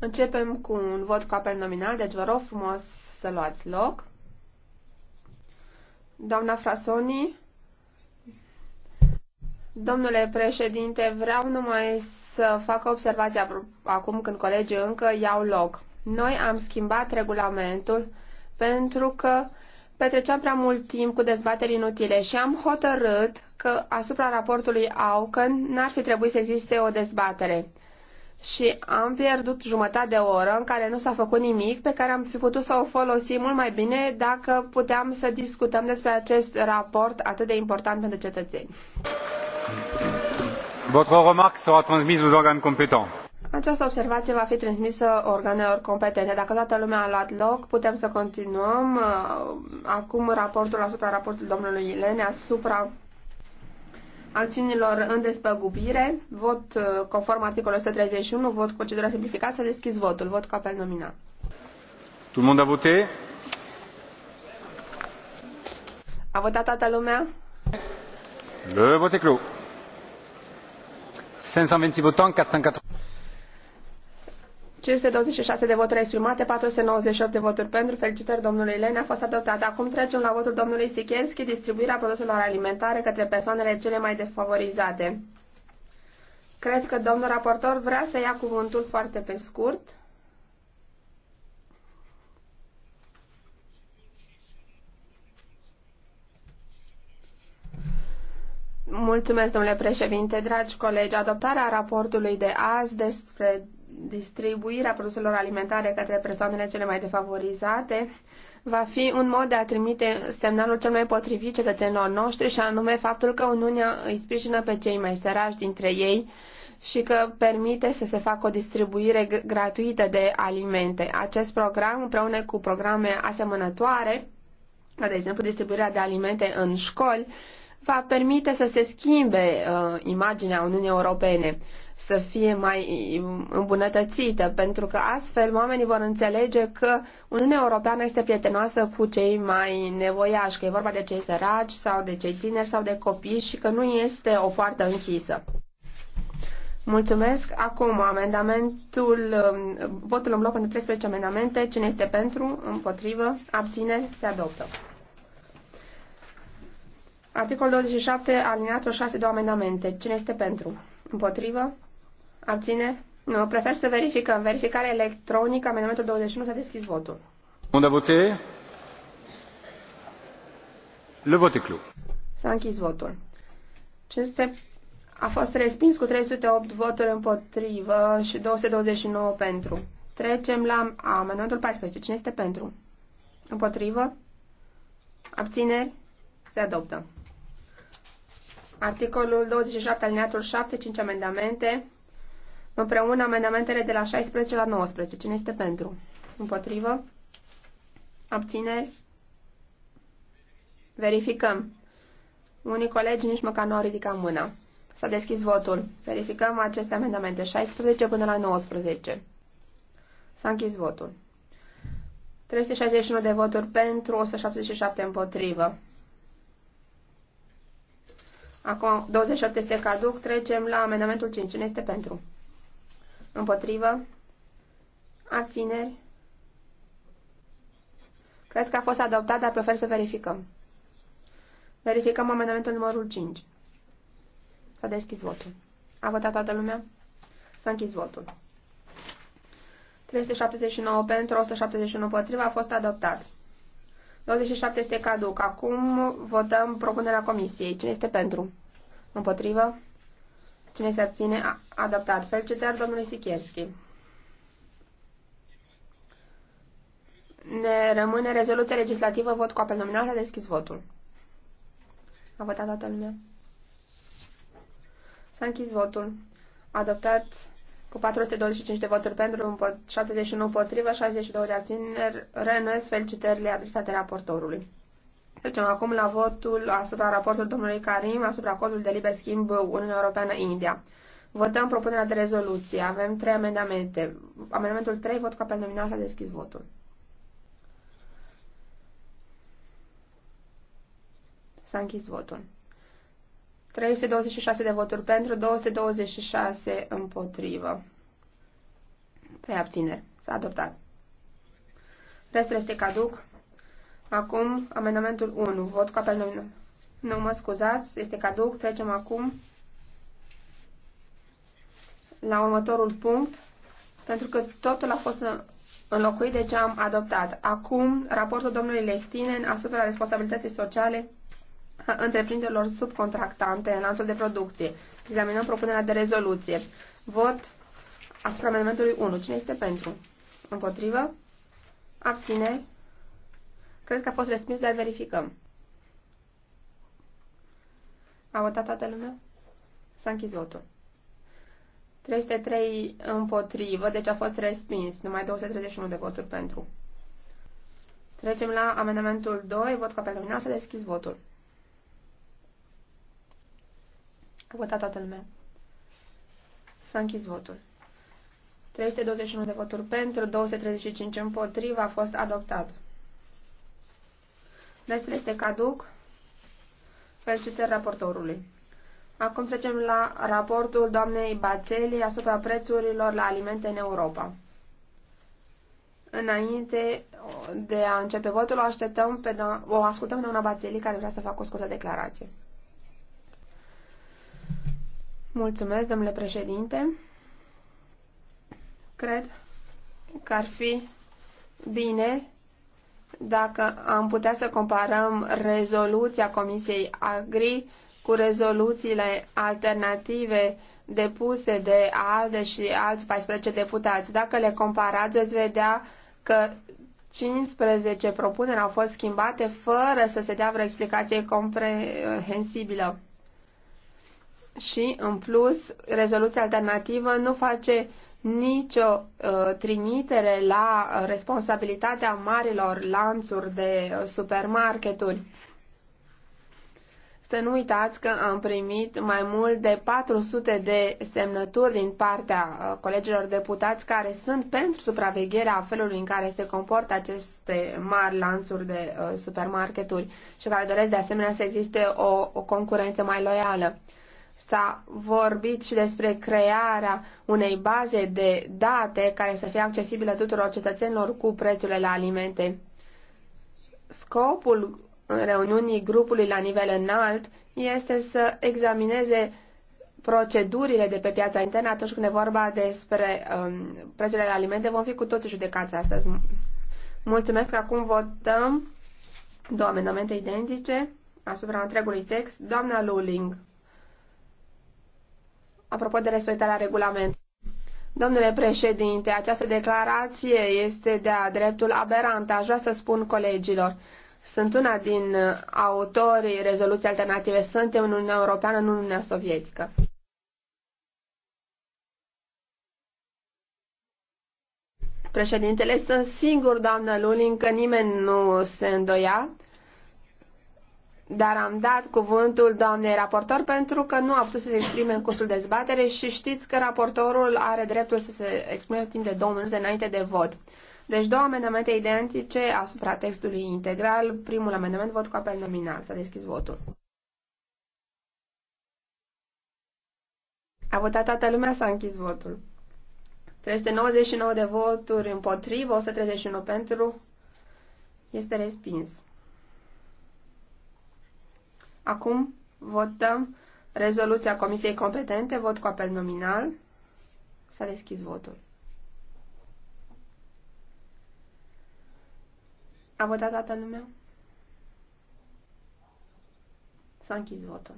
Începem cu un vot cu apel nominal, deci vă rog frumos să luați loc. Doamna Frasoni, domnule președinte, vreau numai să fac observația acum când colegii încă iau loc. Noi am schimbat regulamentul pentru că petreceam prea mult timp cu dezbateri inutile și am hotărât că asupra raportului Auken n-ar fi trebuit să existe o dezbatere. Și am pierdut jumătate de oră în care nu s-a făcut nimic pe care am fi putut să o folosim mult mai bine dacă puteam să discutăm despre acest raport atât de important pentru cetățeni. Votre remarque sera transmise aux organes compétents. Această observație va fi transmisă organelor competente. Dacă toată lumea a luat loc, putem să continuăm. Uh, acum raportul asupra raportului domnului Ilene asupra acțiunilor în despăgubire, vot uh, conform articolul 131, vot cu procedura simplificată, deschis votul, vot cu apel nominal. Tout le monde a voté? A votat toată lumea? Le vote clos. 520 votants, 480. 526 de voturi exprimate, 498 de voturi pentru. Felicitări domnului Lene, a fost adoptat. Acum trecem la votul domnului Sikierski, distribuirea produselor alimentare către persoanele cele mai defavorizate. Cred că domnul raportor vrea să ia cuvântul foarte pe scurt. Mulțumesc, domnule președinte, dragi colegi. Adoptarea raportului de azi despre distribuirea produselor alimentare către persoanele cele mai defavorizate va fi un mod de a trimite semnalul cel mai potrivit cetățenilor noștri și anume faptul că Uniunea îi sprijină pe cei mai săraci dintre ei și că permite să se facă o distribuire gratuită de alimente. Acest program, împreună cu programe asemănătoare, de exemplu distribuirea de alimente în școli, va permite să se schimbe uh, imaginea Uniunii Europene să fie mai îmbunătățită, pentru că astfel oamenii vor înțelege că Uniunea Europeană este prietenoasă cu cei mai nevoiași, că e vorba de cei săraci sau de cei tineri sau de copii și că nu este o foarte închisă. Mulțumesc. Acum, amendamentul, um, votul în bloc pentru 13 amendamente. Cine este pentru? Împotrivă? Abține? Se adoptă. Articol 27, alineatul 6, două amendamente. Cine este pentru? Împotrivă? Abține? Nu, prefer să verificăm. Verificare electronică, amendamentul 21, s-a deschis votul. Unde vote? Le vote clou. S-a închis votul. 500 a fost respins cu 308 voturi împotrivă și 229 pentru. Trecem la amendamentul 14. Cine este pentru? Împotrivă? Abțineri? Se adoptă. Articolul 27, alineatul 7, 5 amendamente. Împreună amendamentele de la 16 la 19. Cine este pentru? Împotrivă? Abțineri? Verificăm. Unii colegi nici măcar nu au ridicat mâna. S-a deschis votul. Verificăm aceste amendamente 16 până la 19. S-a închis votul. 361 de voturi pentru, 177 împotrivă. Acum 28 este caduc. Trecem la amendamentul 5. Cine este pentru? Împotrivă? Abțineri? Cred că a fost adoptat, dar prefer să verificăm. Verificăm amendamentul numărul 5. S-a deschis votul. A votat toată lumea? S-a închis votul. 379 pentru, 171 potriva, a fost adoptat. 27 este caduc. Acum votăm propunerea comisiei. Cine este pentru? Împotrivă? Cine se abține? A, adoptat. Felicitări domnului Sikierski. Ne rămâne rezoluția legislativă, vot cu apel nominal, a deschis votul. A votat toată lumea. S-a închis votul. Adoptat cu 425 de voturi pentru, 71 potrivă, 62 de abțineri. Renunț felicitările adresate raportorului. Trecem acum la votul asupra raportului domnului Karim asupra acordului de liber schimb Uniunea Europeană-India. Votăm propunerea de rezoluție. Avem trei amendamente. Amendamentul 3, vot ca pe nominal, s-a deschis votul. S-a închis votul. 326 de voturi pentru, 226 împotrivă. 3 abțineri. S-a adoptat. Restul este caduc. Acum, amendamentul 1. Vot cu apel nominal. Nu mă scuzați, este caduc. Trecem acum la următorul punct, pentru că totul a fost înlocuit, deci am adoptat. Acum, raportul domnului Lehtinen asupra responsabilității sociale a întreprinderilor subcontractante în lanțul de producție. Examinăm propunerea de rezoluție. Vot asupra amendamentului 1. Cine este pentru? Împotrivă? Abțineri? Cred că a fost respins, dar verificăm. A votat toată lumea? S-a închis votul. 303 împotrivă, deci a fost respins. Numai 231 de voturi pentru. Trecem la amendamentul 2, vot ca pentru mine, să deschis votul. A votat toată lumea. S-a închis votul. 321 de voturi pentru, 235 împotrivă, a fost adoptat. 13 este caduc. Felicitări raportorului. Acum trecem la raportul doamnei Bațeli asupra prețurilor la alimente în Europa. Înainte de a începe votul, o, așteptăm pe o ascultăm doamna Bațeli care vrea să facă o scurtă declarație. Mulțumesc, domnule președinte. Cred că ar fi bine dacă am putea să comparăm rezoluția Comisiei Agri cu rezoluțiile alternative depuse de ALDE și alți 14 deputați. Dacă le comparați, veți vedea că 15 propuneri au fost schimbate fără să se dea vreo explicație comprehensibilă. Și, în plus, rezoluția alternativă nu face nicio uh, trimitere la responsabilitatea marilor lanțuri de supermarketuri. Să nu uitați că am primit mai mult de 400 de semnături din partea ă, colegilor deputați care sunt pentru supravegherea felului în care se comportă aceste mari lanțuri de ă, supermarketuri și care doresc de asemenea să existe o, o concurență mai loială. S-a vorbit și despre crearea unei baze de date care să fie accesibilă tuturor cetățenilor cu prețurile la alimente. Scopul reuniunii grupului la nivel înalt este să examineze procedurile de pe piața internă atunci când e vorba despre um, prețurile la alimente. Vom fi cu toții judecați astăzi. Mulțumesc. Acum votăm două amendamente identice asupra întregului text. Doamna Luling apropo de respectarea regulamentului. Domnule președinte, această declarație este de-a dreptul aberant. Aș vrea să spun colegilor. Sunt una din autorii rezoluției alternative. Suntem în Uniunea Europeană, nu în Uniunea Sovietică. Președintele, sunt singur, doamnă Lulin, că nimeni nu se îndoia dar am dat cuvântul doamnei raportor pentru că nu a putut să se exprime în cursul dezbatere și știți că raportorul are dreptul să se exprime timp de două minute înainte de vot. Deci două amendamente identice asupra textului integral. Primul amendament, vot cu apel nominal. S-a deschis votul. A votat toată lumea, s-a închis votul. 399 de voturi împotrivă, 131 pentru. Este respins. Acum votăm rezoluția Comisiei Competente, vot cu apel nominal. S-a deschis votul. A votat toată lumea? S-a închis votul.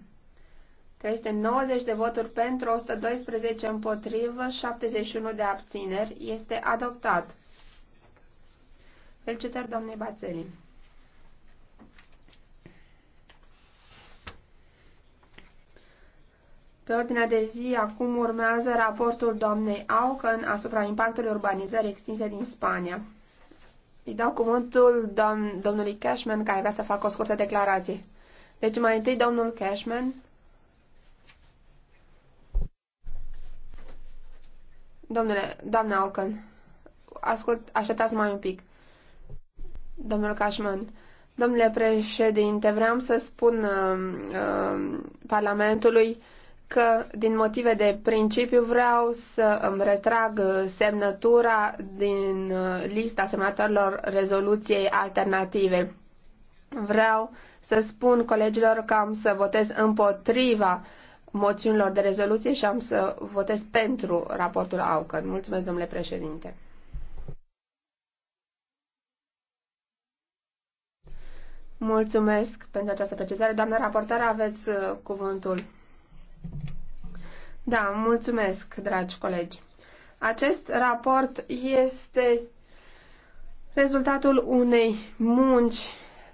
390 de voturi pentru, 112 împotrivă, 71 de abțineri. Este adoptat. Felicitări, doamnei Bațelin. Pe ordinea de zi, acum urmează raportul doamnei Aucan asupra impactului urbanizării extinse din Spania. Îi dau cuvântul dom domnului Cashman, care vrea să facă o scurtă declarație. Deci mai întâi domnul Cashman. Domnule, doamne Aucan, ascult, așteptați mai un pic. Domnul Cashman, domnule președinte, vreau să spun uh, uh, Parlamentului uh, că din motive de principiu vreau să îmi retrag semnătura din uh, lista semnătorilor rezoluției alternative. Vreau să spun colegilor că am să votez împotriva moțiunilor de rezoluție și am să votez pentru raportul AUCAN. Mulțumesc, domnule președinte. Mulțumesc pentru această precizare. Doamnă raportare, aveți uh, cuvântul. Da, mulțumesc, dragi colegi. Acest raport este rezultatul unei munci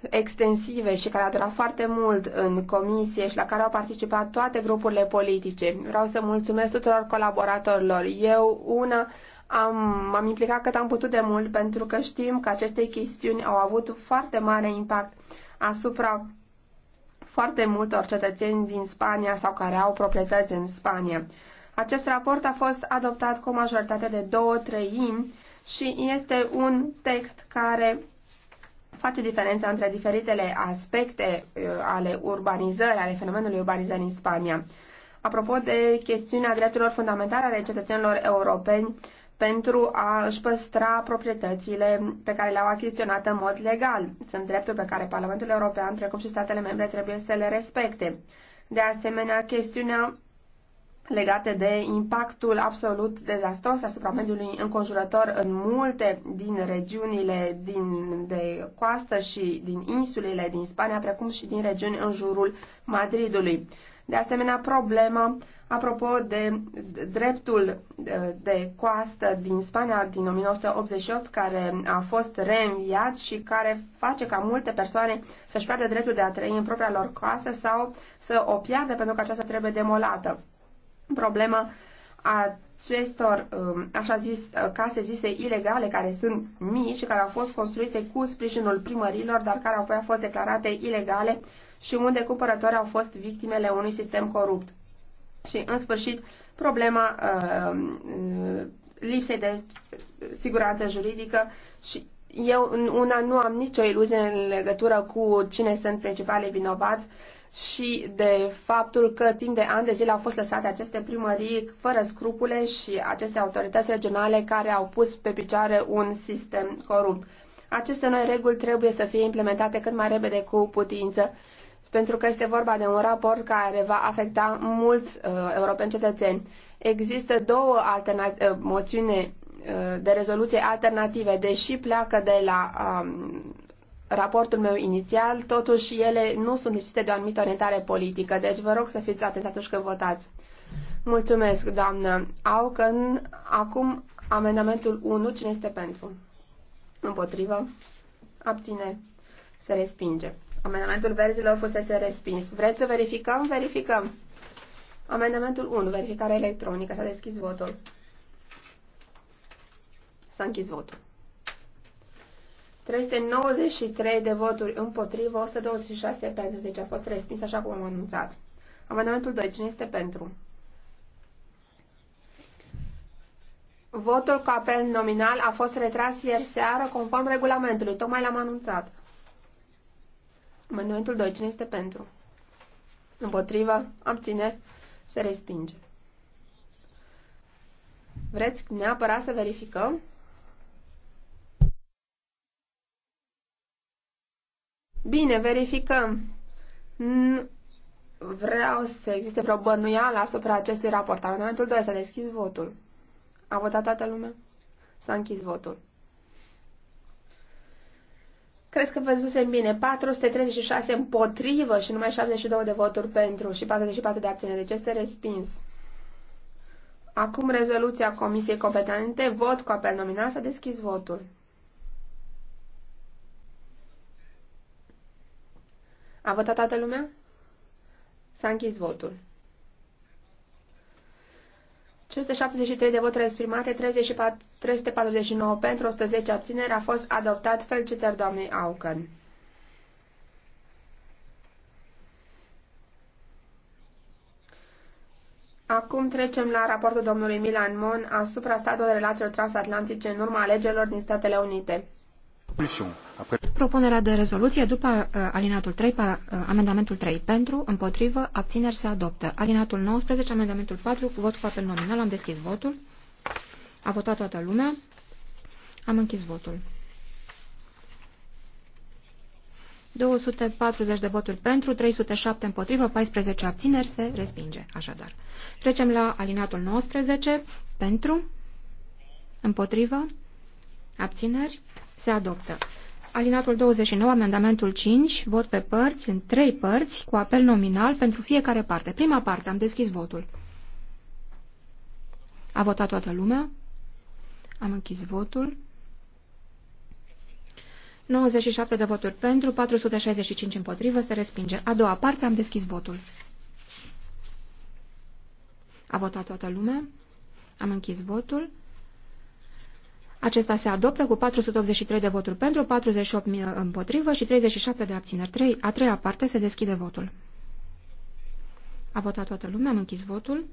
extensive și care a durat foarte mult în comisie și la care au participat toate grupurile politice. Vreau să mulțumesc tuturor colaboratorilor. Eu, una, am, m-am implicat cât am putut de mult pentru că știm că aceste chestiuni au avut foarte mare impact asupra foarte multor cetățeni din Spania sau care au proprietăți în Spania. Acest raport a fost adoptat cu o majoritate de două treimi și este un text care face diferența între diferitele aspecte uh, ale urbanizării, ale fenomenului urbanizării în Spania. Apropo de chestiunea drepturilor fundamentale ale cetățenilor europeni, pentru a își păstra proprietățile pe care le-au achiziționat în mod legal. Sunt drepturi pe care Parlamentul European, precum și statele membre, trebuie să le respecte. De asemenea, chestiunea legate de impactul absolut dezastros asupra mediului înconjurător în multe din regiunile din, de coastă și din insulele din Spania, precum și din regiuni în jurul Madridului. De asemenea, problema apropo de dreptul de coastă din Spania din 1988, care a fost reînviat și care face ca multe persoane să-și piardă dreptul de a trăi în propria lor coastă sau să o piardă pentru că aceasta trebuie demolată problema acestor, um, așa zis, case zise ilegale care sunt mici și care au fost construite cu sprijinul primărilor, dar care apoi au fost declarate ilegale și unde cumpărători au fost victimele unui sistem corupt. Și, în sfârșit, problema um, uh, lipsei de uh, siguranță juridică și eu una nu am nicio iluzie în legătură cu cine sunt principalii vinovați, și de faptul că timp de ani de zile au fost lăsate aceste primării fără scrupule și aceste autorități regionale care au pus pe picioare un sistem corupt. Aceste noi reguli trebuie să fie implementate cât mai repede cu putință, pentru că este vorba de un raport care va afecta mulți uh, europeni cetățeni. Există două uh, moțiuni uh, de rezoluție alternative, deși pleacă de la uh, raportul meu inițial, totuși ele nu sunt lipsite de o anumită orientare politică, deci vă rog să fiți atenți atunci când votați. Mulțumesc, doamnă Aucăn. Acum amendamentul 1, cine este pentru? Împotrivă? Abține. Se respinge. Amendamentul verzilor fusese respins. Vreți să verificăm? Verificăm. Amendamentul 1, verificare electronică. S-a deschis votul. S-a închis votul. 393 de voturi împotrivă, 126 pentru, deci a fost respins așa cum am anunțat. Amendamentul 2, cine este pentru? Votul cu apel nominal a fost retras ieri seară conform regulamentului, tocmai l-am anunțat. Amendamentul 2, cine este pentru? Împotrivă, Abține? se respinge. Vreți neapărat să verificăm? Bine, verificăm. N vreau să existe vreo bănuială asupra acestui raport. Amendamentul 2 s-a deschis votul. A votat toată lumea? S-a închis votul. Cred că văzusem bine. 436 împotrivă și numai 72 de voturi pentru și 44 de acțiune. Deci este respins. Acum rezoluția Comisiei Competente. Vot cu apel nominal. S-a deschis votul. A votat toată lumea? S-a închis votul. 573 de voturi exprimate, 34, 349 pentru, 110 abțineri, a fost adoptat. Felicitări doamnei Aucan. Acum trecem la raportul domnului Milan Mon asupra statului relațiilor transatlantice în urma alegerilor din Statele Unite. Propunerea de rezoluție după uh, alinatul 3, pa, uh, amendamentul 3. Pentru, împotrivă, abțineri se adoptă. Alinatul 19, amendamentul 4, cu vot cu apel nominal. Am deschis votul. A votat toată lumea. Am închis votul. 240 de voturi pentru, 307 împotrivă, 14 abțineri se respinge. Așadar, trecem la alinatul 19. Pentru, împotrivă, abțineri se adoptă. Alinatul 29, amendamentul 5, vot pe părți, în trei părți, cu apel nominal pentru fiecare parte. Prima parte, am deschis votul. A votat toată lumea. Am închis votul. 97 de voturi pentru, 465 împotrivă, se respinge. A doua parte, am deschis votul. A votat toată lumea. Am închis votul. Acesta se adoptă cu 483 de voturi pentru, 48 împotrivă și 37 de abțineri. 3, a treia parte se deschide votul. A votat toată lumea, am închis votul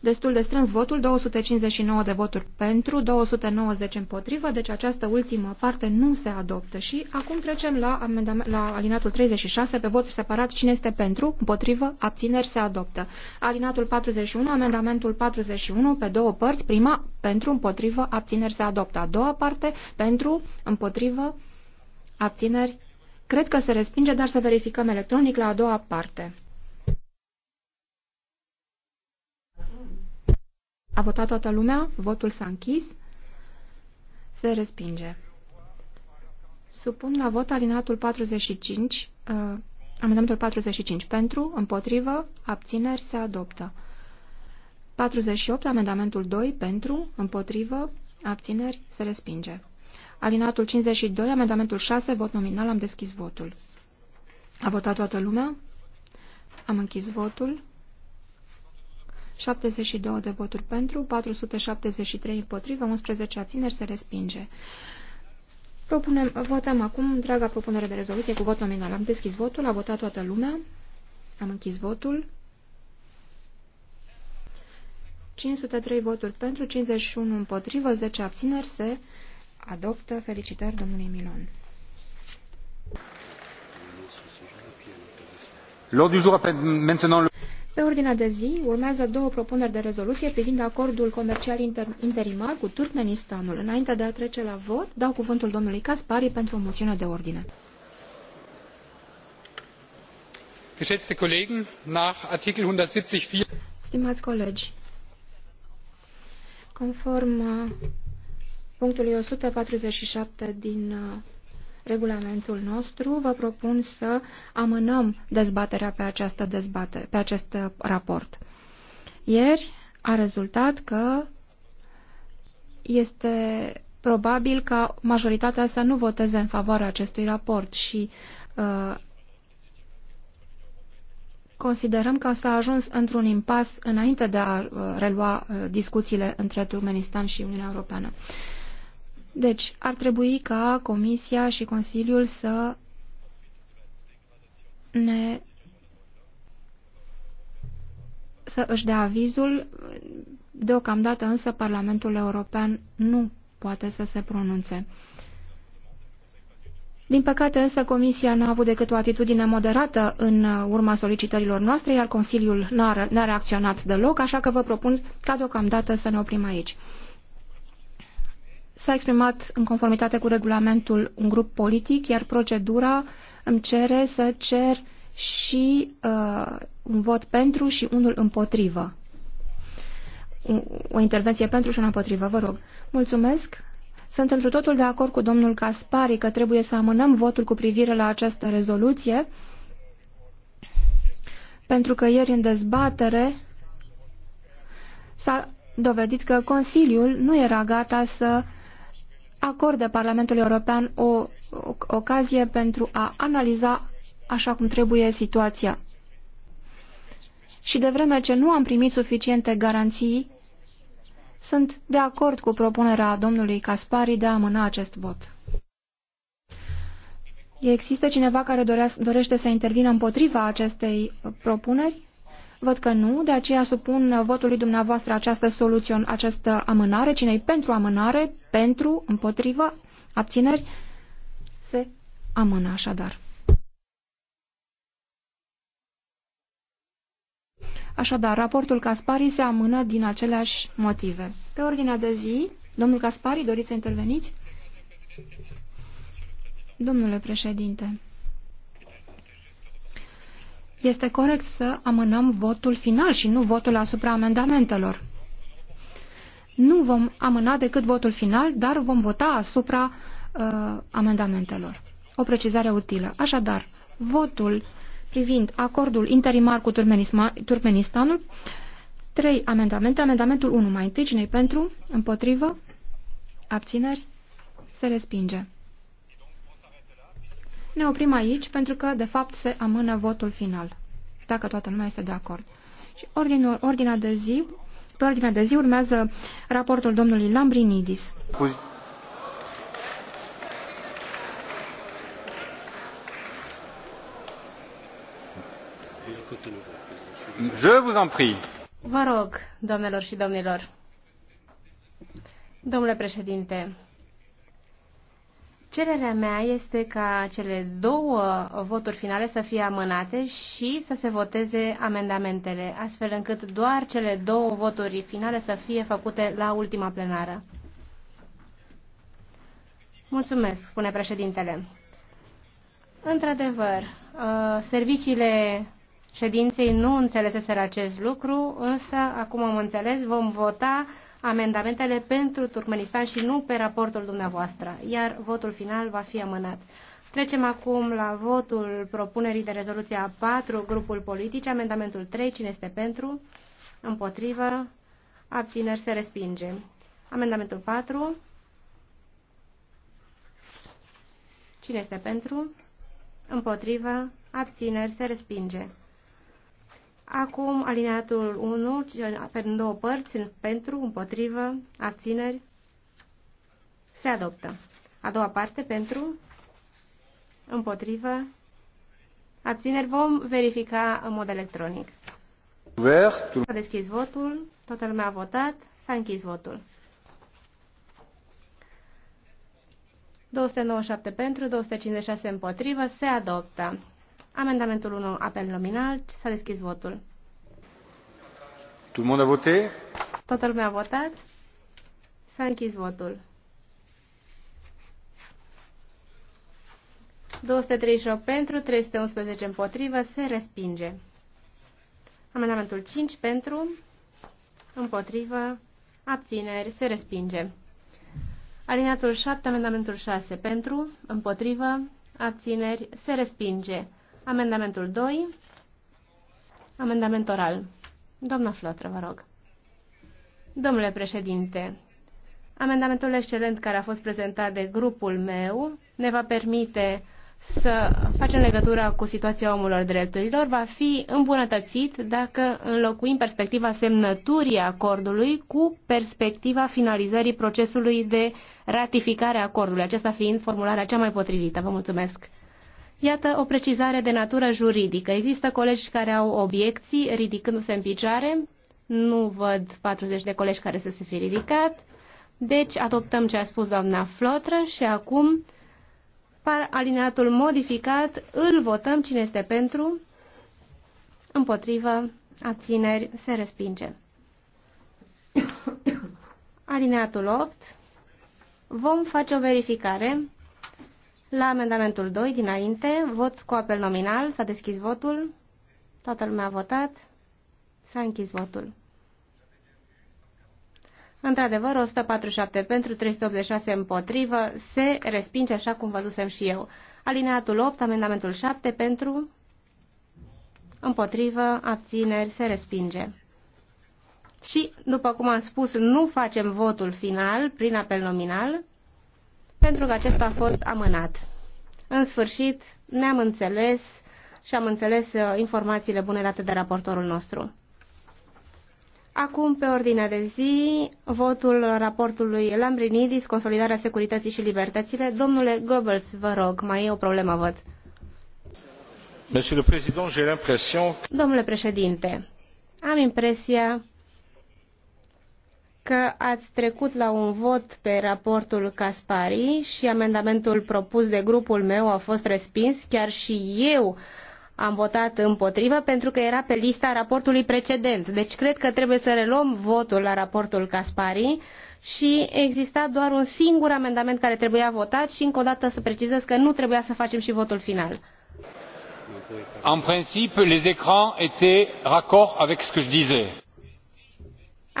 destul de strâns votul, 259 de voturi pentru, 290 împotrivă, deci această ultimă parte nu se adoptă. Și acum trecem la, la alinatul 36, pe vot separat, cine este pentru, împotrivă, abțineri se adoptă. Alinatul 41, amendamentul 41, pe două părți, prima, pentru, împotrivă, abțineri se adoptă. A doua parte, pentru, împotrivă, abțineri Cred că se respinge, dar să verificăm electronic la a doua parte. A votat toată lumea, votul s-a închis, se respinge. Supun la vot alinatul 45, uh, amendamentul 45 pentru, împotrivă, abțineri se adoptă. 48, amendamentul 2 pentru, împotrivă, abțineri se respinge. Alinatul 52, amendamentul 6, vot nominal, am deschis votul. A votat toată lumea? Am închis votul. 72 de voturi pentru, 473 împotrivă, 11 abțineri se respinge. Propunem, votăm acum draga propunere de rezoluție cu vot nominal. Am deschis votul, a votat toată lumea. Am închis votul. 503 voturi pentru, 51 împotrivă, 10 abțineri se adoptă. Felicitări domnului Milon. L'ordre du jour appelle maintenant le pe ordinea de zi urmează două propuneri de rezoluție privind acordul comercial inter interimar cu Turkmenistanul. Înainte de a trece la vot, dau cuvântul domnului Caspari pentru o moțiune de ordine. Geschätzte Kollegen, nach Artikel 174 Stimați colegi, conform uh, punctului 147 din uh, regulamentul nostru, vă propun să amânăm dezbaterea pe, această dezbate, pe acest uh, raport. Ieri a rezultat că este probabil ca majoritatea să nu voteze în favoarea acestui raport și uh, considerăm că s-a ajuns într-un impas înainte de a uh, relua uh, discuțiile între Turkmenistan și Uniunea Europeană. Deci, ar trebui ca Comisia și Consiliul să ne să își dea avizul, deocamdată însă Parlamentul European nu poate să se pronunțe. Din păcate însă Comisia n-a avut decât o atitudine moderată în urma solicitărilor noastre, iar Consiliul n-a reacționat deloc, așa că vă propun ca deocamdată să ne oprim aici s-a exprimat în conformitate cu regulamentul un grup politic, iar procedura îmi cere să cer și uh, un vot pentru și unul împotrivă. O intervenție pentru și una împotrivă, vă rog. Mulțumesc. Sunt întru totul de acord cu domnul Caspari că trebuie să amânăm votul cu privire la această rezoluție, pentru că ieri în dezbatere s-a dovedit că Consiliul nu era gata să acordă Parlamentului European o ocazie pentru a analiza așa cum trebuie situația. Și de vreme ce nu am primit suficiente garanții, sunt de acord cu propunerea domnului Caspari de a amâna acest vot. Există cineva care dorește să intervină împotriva acestei propuneri? Văd că nu, de aceea supun votului dumneavoastră această soluțion, această amânare. cine pentru amânare? Pentru, împotrivă, abțineri? Se amână așadar. Așadar, raportul Caspari se amână din aceleași motive. Pe ordinea de zi, domnul Caspari, doriți să interveniți? Domnule președinte, este corect să amânăm votul final și nu votul asupra amendamentelor. Nu vom amâna decât votul final, dar vom vota asupra uh, amendamentelor. O precizare utilă. Așadar, votul privind acordul interimar cu Turkmenistanul, trei amendamente. Amendamentul 1 mai întâi, cine pentru, împotrivă, abțineri, se respinge. Ne oprim aici pentru că, de fapt, se amână votul final, dacă toată lumea este de acord. Și ordinul, ordinea de zi, pe ordinea de zi urmează raportul domnului Lambrinidis. Je vous en prie. Vă rog, domnilor și domnilor. Domnule președinte, Cererea mea este ca cele două voturi finale să fie amânate și să se voteze amendamentele, astfel încât doar cele două voturi finale să fie făcute la ultima plenară. Mulțumesc, spune președintele. Într-adevăr, uh, serviciile ședinței nu înțeleseseră acest lucru, însă, acum am înțeles, vom vota amendamentele pentru Turkmenistan și nu pe raportul dumneavoastră, iar votul final va fi amânat. Trecem acum la votul propunerii de rezoluție a 4, grupul politic, amendamentul 3, cine este pentru, împotrivă, abțineri se respinge. Amendamentul 4, cine este pentru, împotrivă, abțineri se respinge. Acum, alineatul 1, pe două părți, pentru, împotrivă, abțineri, se adoptă. A doua parte, pentru, împotrivă, abțineri, vom verifica în mod electronic. S-a deschis votul, toată lumea a votat, s-a închis votul. 297 pentru, 256 împotrivă, se adoptă. Amendamentul 1, apel nominal, s-a deschis votul. Tout le monde a voté? Toată lumea a votat. S-a închis votul. 238 pentru, 311 împotrivă, se respinge. Amendamentul 5 pentru, împotrivă, abțineri, se respinge. Alineatul 7, amendamentul 6 pentru, împotrivă, abțineri, se respinge. Amendamentul 2. Amendament oral. Doamna Flotră, vă rog. Domnule președinte, amendamentul excelent care a fost prezentat de grupul meu ne va permite să facem legătura cu situația omului drepturilor va fi îmbunătățit dacă înlocuim perspectiva semnăturii acordului cu perspectiva finalizării procesului de ratificare a acordului, acesta fiind formularea cea mai potrivită. Vă mulțumesc! Iată o precizare de natură juridică. Există colegi care au obiecții ridicându-se în picioare. Nu văd 40 de colegi care să se fi ridicat. Deci adoptăm ce a spus doamna Flotră și acum par alineatul modificat, îl votăm cine este pentru, împotrivă, abțineri, se respinge. Alineatul 8. Vom face o verificare. La amendamentul 2, dinainte, vot cu apel nominal, s-a deschis votul, toată lumea a votat, s-a închis votul. Într-adevăr, 147 pentru, 386 împotrivă, se respinge așa cum văzusem și eu. Alineatul 8, amendamentul 7 pentru, împotrivă, abțineri, se respinge. Și, după cum am spus, nu facem votul final prin apel nominal, pentru că acesta a fost amânat. În sfârșit, ne-am înțeles și am înțeles uh, informațiile bune date de raportorul nostru. Acum, pe ordinea de zi, votul raportului Lambrinidis, Consolidarea Securității și Libertățile. Domnule Goebbels, vă rog, mai e o problemă, văd. Domnule președinte, am impresia că ați trecut la un vot pe raportul Caspari și amendamentul propus de grupul meu a fost respins, chiar și eu am votat împotrivă pentru că era pe lista raportului precedent. Deci cred că trebuie să reluăm votul la raportul Caspari și exista doar un singur amendament care trebuia votat și încă o dată să precizez că nu trebuia să facem și votul final. En principe, les écrans étaient raccord avec ce que je disais.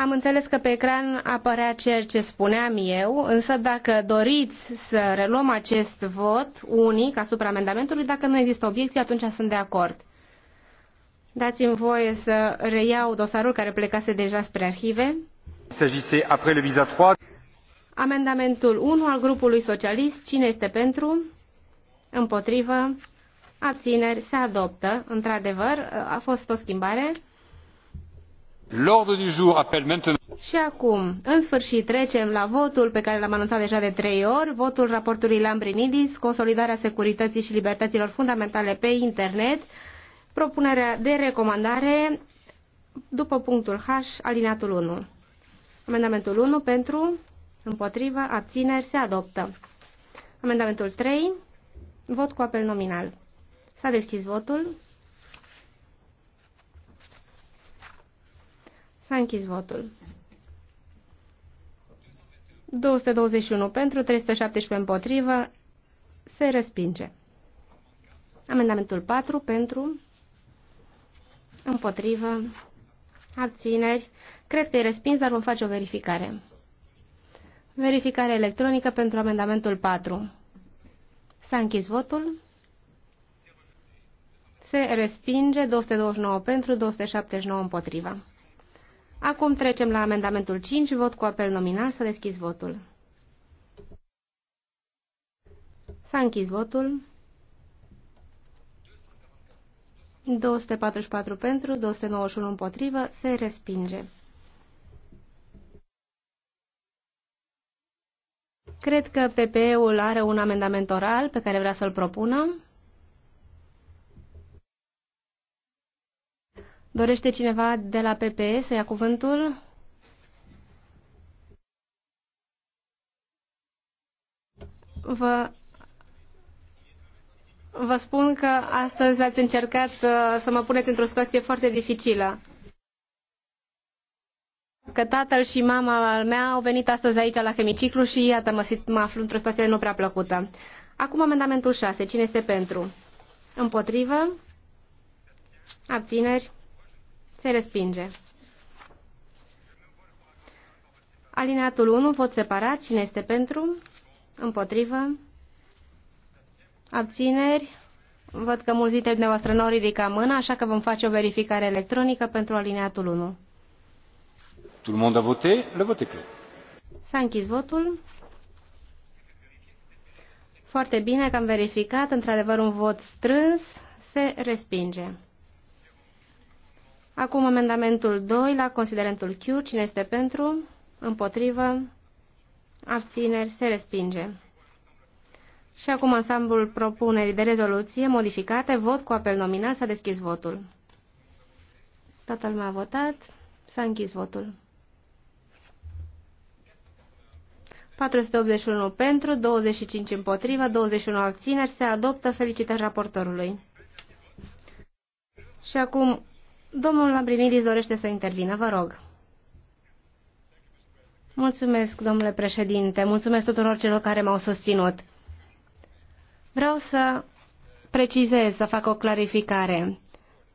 Am înțeles că pe ecran apărea ceea ce spuneam eu, însă dacă doriți să reluăm acest vot unic asupra amendamentului, dacă nu există obiecții, atunci sunt de acord. Dați-mi voie să reiau dosarul care plecase deja spre arhive. S'agissait après le visa 3. Amendamentul 1 al grupului socialist. Cine este pentru? Împotrivă? Abțineri? Se adoptă. Într-adevăr, a fost o schimbare. L'ordre du jour appelle maintenant... Și acum, în sfârșit, trecem la votul pe care l-am anunțat deja de trei ori, votul raportului Lambrinidis, consolidarea securității și libertăților fundamentale pe internet, propunerea de recomandare după punctul H, alineatul 1. Amendamentul 1 pentru, împotrivă, abțineri, se adoptă. Amendamentul 3, vot cu apel nominal. S-a deschis votul. S-a închis votul. 221 pentru, 317 împotrivă, se respinge. Amendamentul 4 pentru, împotrivă, abțineri. Cred că e respins, dar vom face o verificare. Verificare electronică pentru amendamentul 4. S-a închis votul. Se respinge 229 pentru, 279 împotriva. Acum trecem la amendamentul 5, vot cu apel nominal, să deschizi votul. S-a închis votul. 244 pentru, 291 împotrivă, se respinge. Cred că PPE-ul are un amendament oral pe care vrea să-l propună. Dorește cineva de la PPE să ia cuvântul? Vă, vă spun că astăzi ați încercat uh, să mă puneți într-o situație foarte dificilă. Că tatăl și mama al mea au venit astăzi aici la hemiciclu și iată mă, mă aflu într-o situație nu prea plăcută. Acum amendamentul 6. Cine este pentru? Împotrivă? Abțineri? Se respinge. Alineatul 1, vot separat. Cine este pentru? Împotrivă. Abțineri. Văd că mulți dintre dumneavoastră nu au ridicat mâna, așa că vom face o verificare electronică pentru alineatul 1. Tout le monde a voté, le vote est clos. S-a închis votul. Foarte bine că am verificat, într-adevăr un vot strâns se respinge. Acum amendamentul 2 la considerentul Q. Cine este pentru? Împotrivă? Abțineri? Se respinge. Și acum ansamblul propunerii de rezoluție modificate. Vot cu apel nominal. S-a deschis votul. Toată lumea a votat. S-a închis votul. 481 pentru, 25 împotrivă, 21 abțineri. Se adoptă. Felicitări raportorului. Și acum Domnul Lambrinidis dorește să intervină, vă rog. Mulțumesc, domnule președinte, mulțumesc tuturor celor care m-au susținut. Vreau să precizez, să fac o clarificare,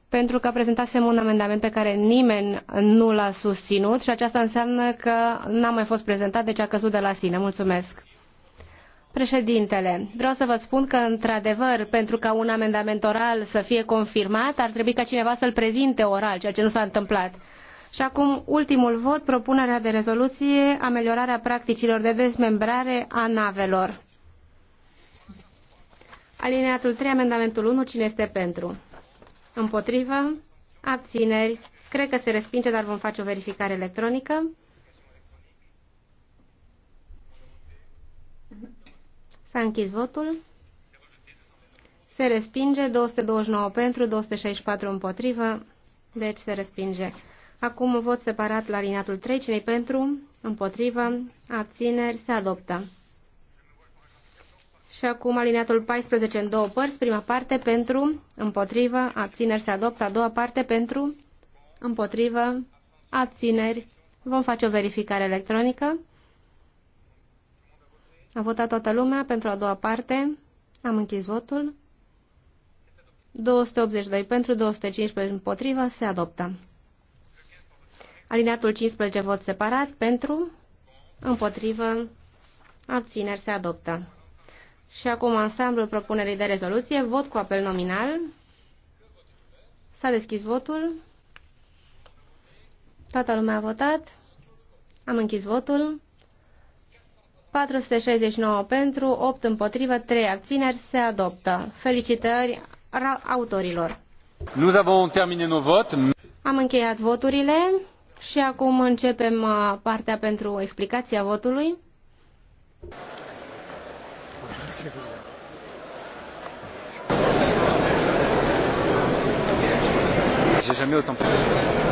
pentru că prezentasem un amendament pe care nimeni nu l-a susținut și aceasta înseamnă că n-a mai fost prezentat, deci a căzut de la sine. Mulțumesc. Președintele, vreau să vă spun că, într-adevăr, pentru ca un amendament oral să fie confirmat, ar trebui ca cineva să-l prezinte oral, ceea ce nu s-a întâmplat. Și acum, ultimul vot, propunerea de rezoluție, ameliorarea practicilor de dezmembrare a navelor. Alineatul 3, amendamentul 1, cine este pentru? Împotrivă? Abțineri? Cred că se respinge, dar vom face o verificare electronică. S-a închis votul. Se respinge 229 pentru, 264 împotrivă, deci se respinge. Acum un vot separat la alineatul 3, cine pentru, împotrivă, abțineri, se adoptă. Și acum alineatul 14 în două părți, prima parte pentru, împotrivă, abțineri, se adoptă, a doua parte pentru, împotrivă, abțineri. Vom face o verificare electronică. A votat toată lumea pentru a doua parte. Am închis votul. 282 pentru, 215 împotriva, se adoptă. Alineatul 15, vot separat, pentru, împotrivă, abțineri, se adoptă. Și acum ansamblul propunerii de rezoluție, vot cu apel nominal. S-a deschis votul. Toată lumea a votat. Am închis votul. 469 pentru, 8 împotrivă, 3 abțineri, se adoptă. Felicitări autorilor. Nous avons terminé nos votes. Am încheiat voturile și acum începem uh, partea pentru explicația votului. J'ai jamais autant parlé.